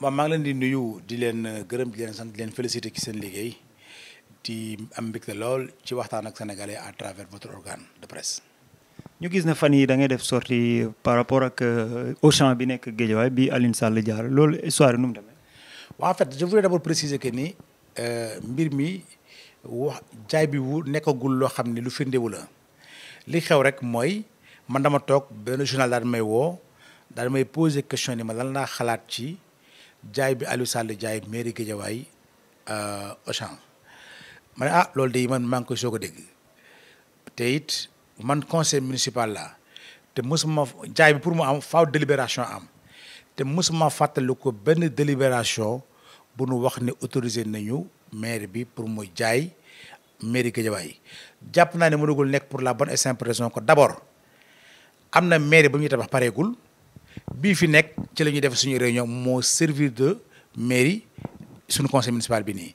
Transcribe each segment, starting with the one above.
waaw maa ngi leen di nuyu di leen euh, gërëm di leen sant di leen féliciter ki seen liggéey di am mbégte lool ci waxtaan ak sénégalais à travers votre organe de presse. ñu gis na fan yi da ngay def sorti par rapport ak euh, Auchan bi nekk Guédiawaye bi Alioune Sall jaar loolu histoire nu mu demee. waa en fait je voulais d'abord préciser que ni euh, mbir mi wax jaay bi wu nekkagul loo xam ne lu firndewu la li xew rek mooy man dama toog benn journal daal may woo daal may poser question ni ma lan laa xalaat ci. jaay bi Aliou Sall jaay mairie Guédiawaye euh, Auchan ma ne ah loolu de man maa ngi ko soog a dégg te it man conseil municipal la te mosuma jaay bi pour mu am faaw délibération am te mosuma fàttali ko benn délibération bu nu wax ni autorisé nañu maire bi pour mu jaay mairie Guédiawaye jàpp naa ne mënagul nekk pour la bonne et simple raison que am na maire ba ñuy tabax pareegul. bii fi nekk ci la ñuy def suñu réunion moo servir de mairie suñu conseil municipal bi nii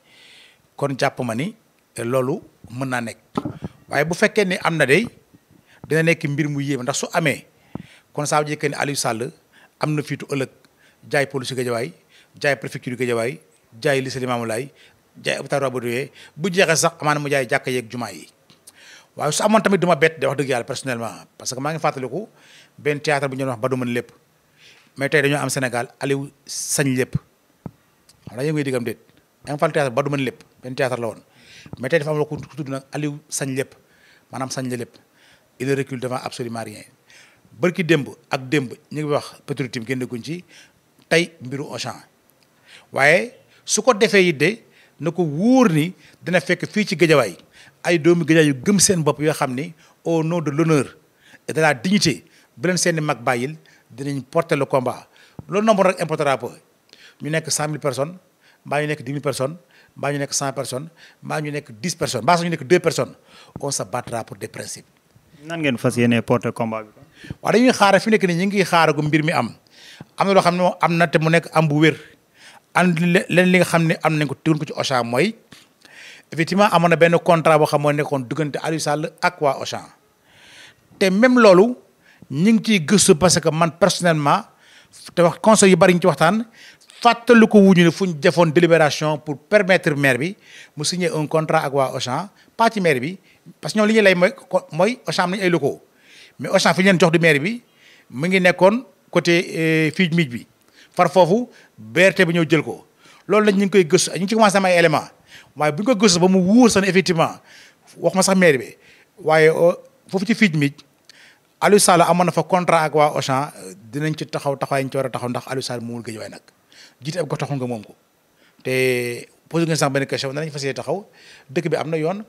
kon jàpp ma ni eh, loolu mën naa nekk waaye bu fekkee ni am na day dina nekk mbir mu yéeme ndax su amee kon ça veut dire que ni Aliou Sall am na fiitu ëllëg jaay police Guédiawaye jaay préfecture Guédiawaye jaay lycée Limamou Laye jaay hôpital Roi Baudouin bu jeexee sax amaana mu jaay jàkka yeeg jumaa yi waaye su amoon tamit duma bett de wax dëgg yàlla personnellement parce que maa ngi fàttaliku benn théâtre bu ñu wax ba du mën lépp mais tey dañoo am Sénégal Aliou sañ lépp xam naa yéen ngi diggam déet infal lépp benn woon mais tey dafa am ku tudd sañ lépp maanaam sañ la lépp il ne recule devant absolument rien bërki démb ak démb ñu ngi wax Petro-Tim génn guñ ci tey mbiru Auchan waaye su ko defee it de na ko wóor ni dina fekk fii ci géejawaay ay doomu géejawaay yu gëm seen bopp yoo xam ni au nom de l'honneur et de la dignité bu leen seen i mag bàyyil dinañ porté le combat loolu nombre rek importera peu ñu nekk cent mille personnes mbaa ñu nekk dix mille personnes mbaa ñu nekk cent personnes mbaa ñu nekk dix personnes mbaa sax ñu nekk deux personnes on se battra pour des principes. nan ngeen fas yéenee porter combat bi. dañuy xaar fi nekk nii ñu ngi xaaragu mbir mi am am na loo xam ne moom am na te mu nekk am bu wér and leen li nga xam ne am nañ ko tegun ko ci Auchan mooy effectivement amoon na benn contrat boo xam moo nekkoon diggante Aliou Sall ak waa Auchan même loolu. ñu ngi ciy gëstu parce que man personnellement te wax conseil yu bari ñu ci waxtaan fàttali ko wuñu ne fu ñu defoon délibération pour permettre maire bi mu signer un contrat ak waa Auchan pas ci maire bi parce que ñoom li ñuy lay mooy mooy Auchan am nañu ay locaux mais Auchan fi ñeen leen jox du maire bi mu ngi nekkoon côté euh, fii miij bi far foofu BRT bi ñëw jël ko loolu nag ñu ngi koy gëstu ñu ci commencé am ay éléments waaye bu ñu ko gëstu ba mu wóor sax effectivement wax ma sax maire bi waaye euh, foofu ci fii Aliou Sall amoon na fa contrat ak waa Auchan dinañ ci taxaw taxawaay ñu ci a taxaw ndax Aliou Sall moomul géej waay nag jiite ab gox taxul nga moom ko te posé ngeen sax benn question danañ fas taxaw dëkk bi am na yoon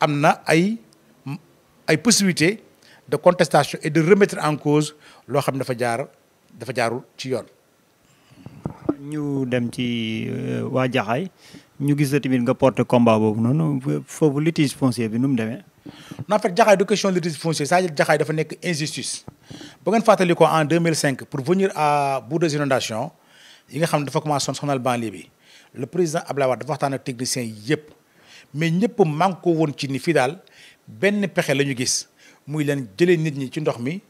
am na ay ay possibilité de contestation et de remetre en cause loo xam ne dafa jaar dafa jaarul ci yoon. ñu dem ci euh, waa Jaxaay ñu gis tamit nga porte combat boobu noonu foofu litige foncier bi nu mu demee. en fait jaxaay du question de litige foncier jaxaay dafa nekk injustice ba ngeen fàttali ko en 2005 pour venir à bout des inondations yi nga xam ne dafa commencé sonal banlieue bi le président Abdoulaye Wade dafa waxtaan a techniciens yi yëpp mais ñëpp manque ko woon ci ni fii daal benn pexe la ñu gis muy leen jële nit ñi ci ndox mi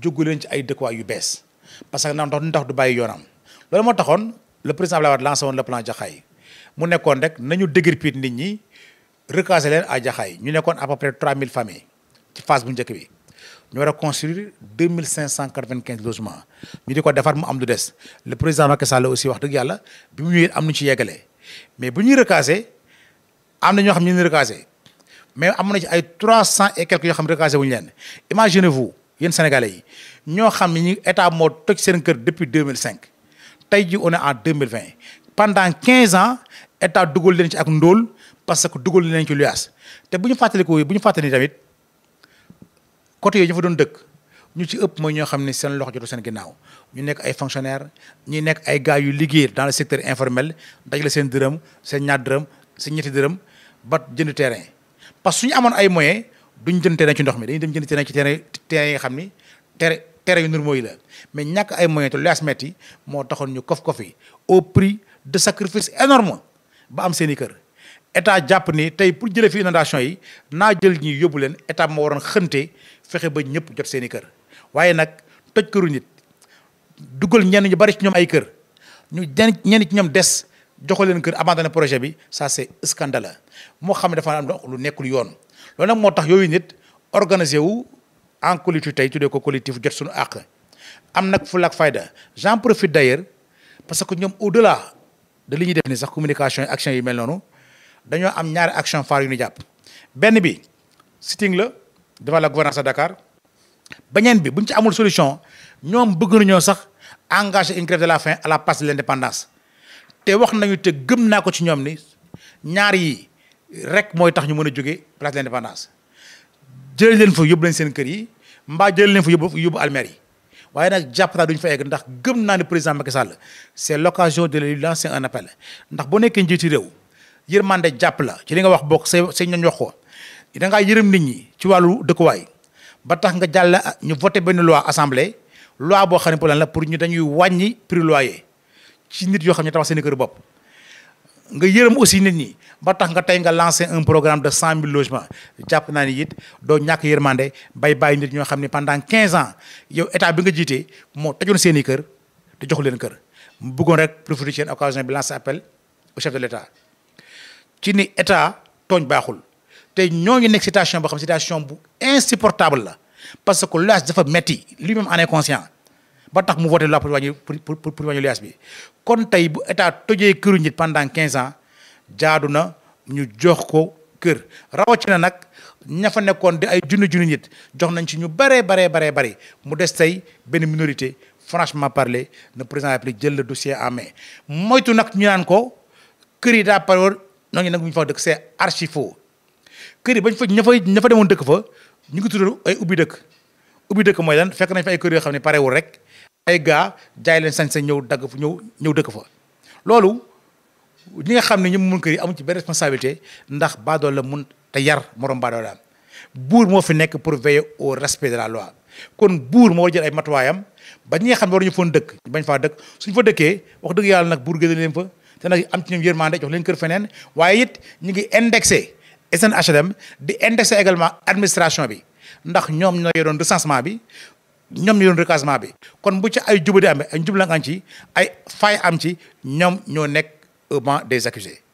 jógu leen ci ay dëkkuwaay yu bees parce que ndox ndox du bàyyi yoonam loolu moo taxoon le président Abdoulaye Wade lancé woon le plan jaxaay mu nekkoon rek nañu dëgër piit nit ñi recaser leen à Jaxaay ñu nekkoon à peu près 3000 familles ci phase bu njëkk bi ñu war a construire 2595 logements ñu di ko defar mu am du des le président Macky Sall aussi wax dëgg yàlla bi mu ñëwee am nu ci yeggalee mais bu ñuy recaser am na ñoo xam ñu ngi recaser mais am na ci ay 300 et quelques yoo xam recaser wu leen imaginez-vous yéen sénégalais yi ñoo xam ne ñu état moo toj seen kër depuis 2005 tey jii on est en 2020 pendant 15 ans état dugal leen ci ak ndool parce que dugal nañ ci luyaas te bu ñu fàttalikoo bu ñu fàttali tamit côté yooyu ñu fa doon dëkk ñu ci ëpp mooy ñoo xam ne seen loxo jotu seen ginnaaw ñu nekk ay fonctionnaire ñu nekk ay gars yu liggéey dans le secteur informel la seen dërëm seen ñaar dërëm seen ñetti dërëm ba jënd terrain parce que su ñu amoon ay moyens duñ jënd terrain ci ndox mi dañuy dem jënd terrain ci terrain terrain yi xam ni terrain terrain yu normaux yi la mais ñàkk ay moyens te luyaas moo taxoon ñu kof-kofi au prix de sacrifice énorme ba am seen i kër état jàpp ni tey pour jëlee fi inondation yi naa jël ñi yóbbu leen état moo waroon xënte fexe ba ñëpp jot seen i kër waaye nag toj këru nit dugal ñenn ñu bari ci ñoom ay kër ñu ñenn ci ñoom des joxo leen kër abandonné projet bi ça c'est scandaleux moo xam ne dafa am lu nekkul yoon loolu nag moo tax yooyu nit organisé wu en collectif tey tuddee ko collectif jot suñu àq am nag fulla ak fayda j'en profite d'ailleurs parce que ñoom au delà de li ñuy def ni sax communication action yi mel noonu dañoo am ñaari action phare yu ñu jàpp benn bi sitting la devant la gouvernance à Dakar beneen bi bu ñu ci amul solution ñoom bëgg nañoo sax engager une grève de la fin à la place de l'indépendance te wax nañu te gëm naa ko ci ñoom ni ñaari rek mooy tax ñu mën a jóge place de l'indépendance jëlee leen fa yóbbu leen seen kër yi mbaa jël leen fa yóbbu yóbbu almere yi waaye nag jàpp naa duñ fa egg ndax gëm naa ne président Macky Sall c'est l'occasion de lui e un ndax boo nekkee njiiti réew. yërmande jàpp la ci li nga wax bokk say say ñooñ wax ko da ngaa yërëm nit ñi ci wàllu dëkkuwaay ba tax nga jàll ñu voté benn loi assemblée loi boo xam ne pour lan la pour ñu dañuy wàññi prix loyer ci nit yoo xam ne tabax seen kër bopp. nga yërëm aussi nit ñi ba tax nga tey nga lancé un programme de cent mille logements jàpp naa ni it doo ñàkk yërmande bay bàyyi nit ñoo xam ne pendant quinze ans yow état bi nga jiitee moo tëjoon seen i kër te jox leen kër mu buggoon rek profiter seen occasion bi lancé appel au chef de l' ci ni état tooñ baaxul te ñoo ngi nekk situation boo xam situation bu insupportable la parce que luwaas dafa metti lui-même en est conscient ba tax mu voté loi pour wàññi pour pour pour wàññi luwaas bi kon tey bu état tojee këru nit pendant quinze ans jaadu na ñu jox ko kër rawatina nag ña fa nekkoon di ay junni junni nit jox nañ ci ñu baree baree baree bari mu des tey benn minorité franchement parler le président de la République jël le dossier en main moytu nag ñu naan ko kër yi daa pare noo nag bu ñu fa dëkk see archi faux kër yi bañ fa ña fay ña demoon dëkk fa ñu ngi tudd ay ubbi dëkk ubbi dëkk mooy lan fekk nañ fa ay kër yoo xam ne parewul rek ay gaa jaay leen sañ sa ñëw dagg ñëw ñëw dëkk fa loolu ñi nga xam ne ñu mun kër yi amuñ ci benn responsabilité ndax baadoo la mun te yar moroom baadoo la am buur moo fi nekk pour veiller au respect de la loi kon buur moo war jël ay matuwaayam ba ñi nga xam ne war ñu foon dëkk bañ faa dëkk suñ fa dëkkee wax dëgg yàlla nag buur gën leen fa te nag am ci ñoom yërmande jox leen kër feneen waaye it ñu ngi indexé SN HLM di indexé également administration bi ndax ñoom ñoo yoroon recensement bi ñoom ñoo yoroon recasement bi. kon bu ci ay jubadi amee ay njublang am ci ay fay am ci ñoom ñoo nekk au banc des accusés